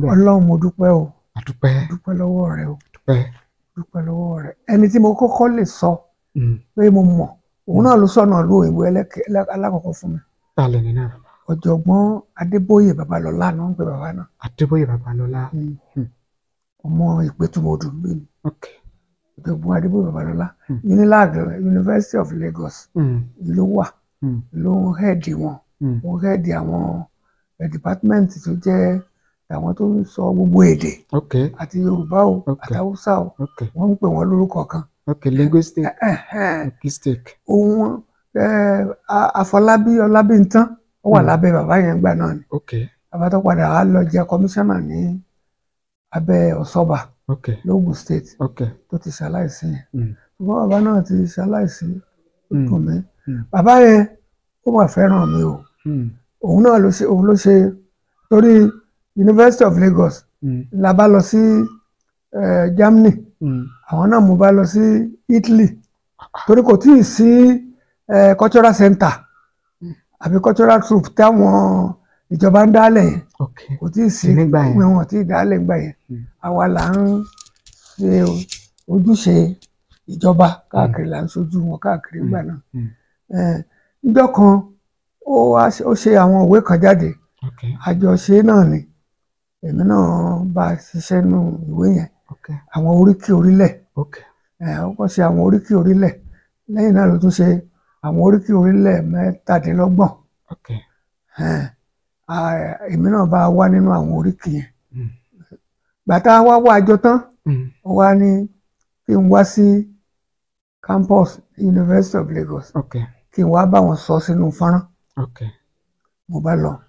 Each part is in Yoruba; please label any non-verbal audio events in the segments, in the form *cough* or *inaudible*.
bẹ́ẹ̀. ọlọ́run mo dúpẹ́ o. àdúpẹ́. dúpẹ́ lọ́wọ́ rẹ o. dúpẹ́. dúpẹ́ lọ́wọ́ rẹ. ẹni tí mo kọ́kọ́ lè sọ mm. pé mo mọ̀ òun náà mm. ló sọ̀nà lu ìwé alákọ̀ọ́kọ́ fún mi. ta lè ní náà. ọ̀jọ̀gbọ́n adébóyè babalọ́lá ni wọ́n ń pè bàbá náà. adébóyè babalọ́lá. Mm. ọmọ ìpẹ́tùmọ̀dù mi ni. ọ̀jọ̀gbọ́n adébóyè babalọ́lá unilag University of Lagos ló wà ló ń hẹ́ẹ̀dì wọn ó hẹ́ẹ̀dì àwọn eh, department tó jẹ́ àwọn tó ń sọ gbogbo èdè àti yorùbá o àti haúsá o wọ́n ń pè wọ́n lórúkọ kan. ok linguistic linguistic. òun àfọlábí ọlábíntán ó wà hmm. lábẹ́ bàbá yẹn gbà náà ni bàbá padà á lọ jẹ kọmíṣánná ní abẹ́ ọ̀ṣọ́bà lógùn state tó ti ṣaláìsí yẹn hmm. ṣùgbọ́n bàbá náà ti ṣaláìsí hmm. dùn mí bàbá yẹn ó mà fẹ́ràn mi o òun náà ló ṣe torí. University of Lagos hmm. la bá lọ sí Germany hmm. àwọn náà mo bá lọ sí Italy torí kò tí ì sí cultural center àbí cultural troop táwọn ìjọba ń dálẹ̀ yẹn kò tí ì sí pín wọn tí ì dálẹ̀ gbà yẹn hmm. àwa là ń ṣe ojúṣe ìjọba káàkiri là ń ṣojú wọn káàkiri gbà náà níjọ́ kan ó ṣe àwọn òwe kan jáde àjọṣe náà ni èmi náà bá a ṣiṣẹ́ nù ìwé yẹn àwọn oríkì orílẹ̀ ó kọ́ sí àwọn oríkì orílẹ̀ lẹ́yìn náà ló tún ṣe àwọn oríkì orílẹ̀ mẹ́tàdínlọ́gbọ̀n èmi náà bá a wá nínú àwọn oríkì yẹn hmm. gbàtà wá wá àjọ tán hmm. ó wá ní kí n wá sí campus University of Lagos kí n wá bá wọn sọ sínú fọ́nrán mo bá lọ. Okay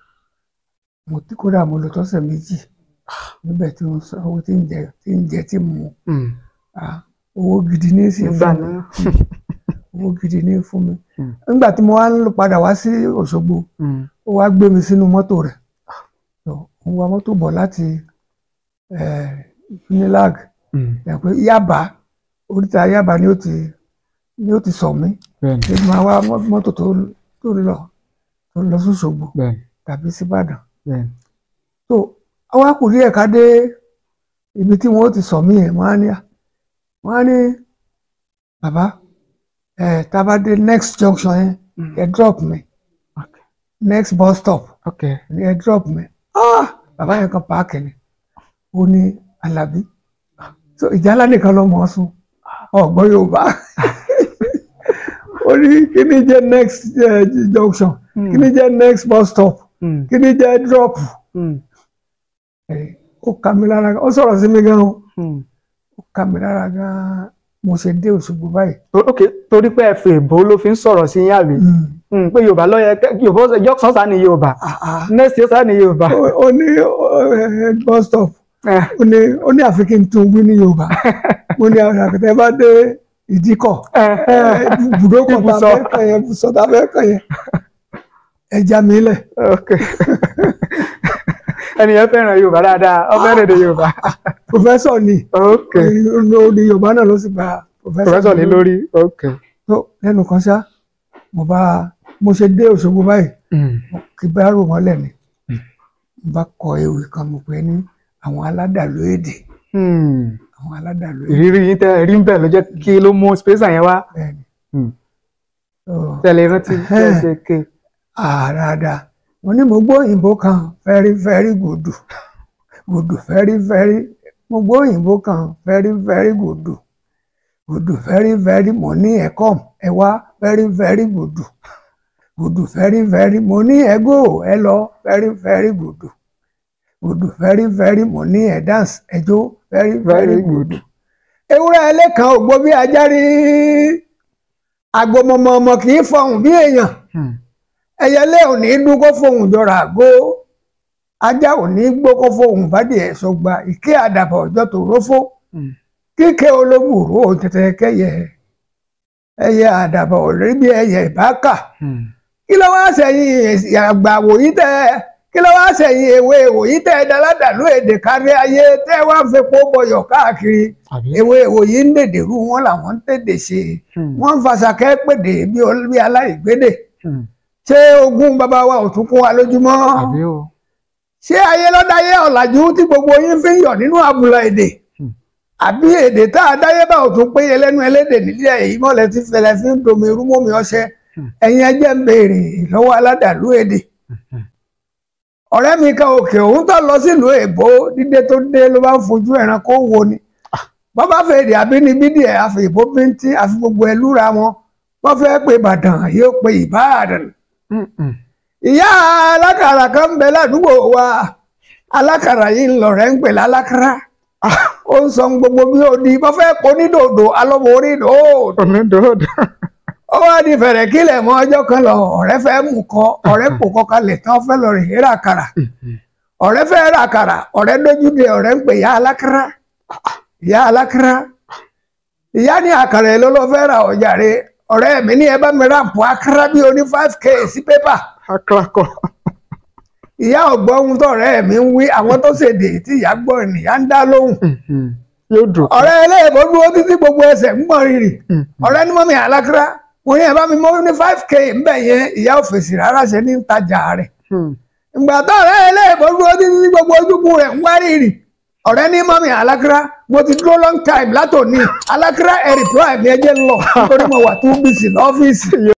mo ti kódà mo lọ tọ́sẹ̀ méjì níbẹ̀ tí wọ́n sọ owó tí ń jẹ tí ń jẹ tí mu hmm. owó gidi ní sí fún mi *laughs* owó gidi ní fún mi hmm. nígbà tí mo wá ń padà wá sí Òṣogbo hmm. ó wá gbé mi sínú mọ́tò rẹ̀ mo wa mọ́tò bọ̀ láti Unilag ẹ̀pẹ́ Yaba oríta Yaba ni ó ti ni ó ti sọ mí ṣé máa wá mọ́tò tó lọ tó lọ sí Òṣogbo tàbí sí Ìbàdàn so àwa kù díẹ̀ ká dé ibi tí wọ́n ti sọ mí yẹn wọ́n á ní wọ́n á ní bàbá ẹ̀ tá bá dé next junction yẹn hmm. ẹ drop me next bus stop okay. ẹ drop me ah bàbá yẹn kan paaki ni ó ní Alábí so Ìjálá nìkan ló mọ̀ ọ́ sùn ọ̀gbọ́n Yorùbá *laughs* ó ní kí ni jẹ́ next eh, junction hmm. kí ni jẹ́ next bus stop. Hmm. kí ni jẹ́ drop hmm. ó kà mí lára ó sọ̀rọ̀ sí mi gan o hmm. ó kà mí lára gan mo ṣe dé Òṣogbo báyìí. ok torí pé ẹ fi èbó ló fi ń sọ̀rọ̀ sí yín àbí pé yorùbá lọ́yẹ yorùbá jọ́sán sá ni yorùbá ah, ah. next year sá ni yorùbá. ó ní eh, bus stop ó eh. ní ó ní àfi kí n tún wí ní yorùbá mo ní àwọn àkàtà bá dé ìdíkọ̀ eh. ibùdókọ̀ tá a fẹ́ kàn yẹn ibùsọ̀ tá a fẹ́ kàn yẹn ẹja mi lẹ. ẹnìyẹn fẹ́ràn yorùbá dáadáa ó fẹ́ràn èdè yorùbá. pòfẹ́sọ̀ ni ní yorùbá náà ló sì gba pòfẹ́sọ̀ ní lórí. tó lẹ́nu kan ṣá mo bá mo ṣe dé Òṣogbo báyìí hmm. kí bá rò wọ́n lẹ̀ ni hmm. mo bá kọ ewì kan mo pè é ní àwọn aládàlú èdè hmm. àwọn aládàlú. ìrírí yín tẹ rí ń bẹ ló jẹ́ kí ló mú spacer yẹn wá. tẹ̀lé rántí *laughs* tẹ̀lé ké àràdà ah, mo ní mo gbọ́ òyìnbó kan very very good good very very mo gbọ́ òyìnbó kan very very good good very very mo ní ẹ come ẹ wá very very good good very very mo ní ẹ go ẹ lọ very very good good very very mo ní ẹ dance ẹ jó very very good ewúrẹ́ ẹlẹ́kan ògbó bí ajá rí agbomọmọ ọmọ kì í fọhùn bí èèyàn. Hmm ẹyẹlé ò ní dún kó fóun jọra àgó ajá ò ní gbó kó fóun bádì ẹ sọgbà ìké àdàbà ọjọ́ tó rófó hmm. kíké olóbùrú ò tètè kẹyẹ ẹyẹ àdàbà ò rí bí ẹyẹ ìbáka hmm. kí ló wá sẹ́yìn àgbà wòyí tẹ kí ló wá sẹ́yìn ewé wòyí tẹ daládàlú èdè kárí ayé tẹ wá ń fepo bọyọ káàkiri ewé wòyí ń dèdè rú wọn làwọn ń tèdè ṣe hmm. wọn ń fasakẹ pèdè bí aláìgbédè ṣé ogún bàbá wa ò tún kó wa lójúmọ́ ṣé ayé lọ́dáyé ọ̀làjú tí gbogbo yín fi ń yọ̀ nínú àbùlà èdè hmm. àbí èdè tá a dáyé bá ò tún péye lẹ́nu ẹlẹ́dẹ̀ nílẹ̀ èyí mọ́lẹ̀ tí fẹlẹ́ fi ń domi rúmọ́mi ọṣẹ hmm. ẹ̀yin ẹjẹ́ ń béèrè lọ́wọ́ aládàlú èdè hmm. ọ̀rẹ́ mi kan òkè òun tó lọ sílùú èbó dídé tó dé ló bá ń fojú ẹranko wo ni ah. bọ́ bá fẹ́ èdè àbínibí díẹ̀ àfi èbó bíntín àfi gbogbo ẹlúra wọn wọ́n fẹ́ pé ìbàdàn yóò pe ìbáàdàn ìyá alákàrà kan ń bẹ ládùúgbò wa alákàrà yìí ń lọ rẹ ń pè lálákàrà ó ń sọ gbogbo bí ó di bá fẹ́ kó ní dòdò alọ́mọ orí dòdò. ní ó wá di fẹ̀rẹ̀ kílẹ̀ mọ́ ọjọ́ kan lọ ọ̀rẹ́ fẹ́ mú kọ ọ̀rẹ́ kò kọ́ kalẹ̀ tán fẹ́ lọ rè é ràkàrà ọ̀rẹ́ fẹ́ ràkàrà ọ̀rẹ́ dójú de ọ̀rẹ́ ń pè ìyá alákàrà ìyá alákàrà ìyá ní àkàrà èlò ra ọjà rẹ̀ ọ̀rẹ́ mi ní ẹ bá mi ráǹpù akra bí oní five k sí pépà. akra kọ. ìyá ọ̀gbọ́n ohun tó ọ̀rẹ́ mi ń wí àwọn tó ṣèdè tí ìyá gbọ́ nìyá ń dá lóhùn. Mm-hmm. yóò dùn. ọ̀rẹ́ ẹlẹ́yìnbó dúró títí gbogbo ẹsẹ̀ ń gbọ̀n rírì. Mm-hmm. ọ̀rẹ́ ní mọ́mí alákra mo ní ẹ bá mi mọ́ ní five k ńbẹ̀ yẹn ìyá òfèsì rárá ṣe ní ń tajà rẹ̀. Hmm. ìgbà tó ọ̀rẹ́ ẹlẹ́yìnbó dúró títí gbogbo ojúkú rẹ̀ ń wá rírì ọ̀rẹ́ ní mọ́mí alákírá mo ti dúró long time látòní alákírá ẹ̀rì prime ẹ̀jẹ̀ ń lọ nítorí mo wà tún bìsì lọ́fíìsì.